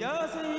yaa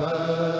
ba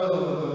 jaww